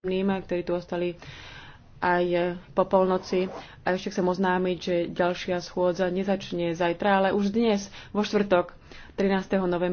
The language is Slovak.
prítomným, ktorí tu ostali aj e, po polnoci. A ešte chcem oznámiť, že ďalšia schôdza nezačne zajtra, ale už dnes, vo štvrtok, 13. novembra.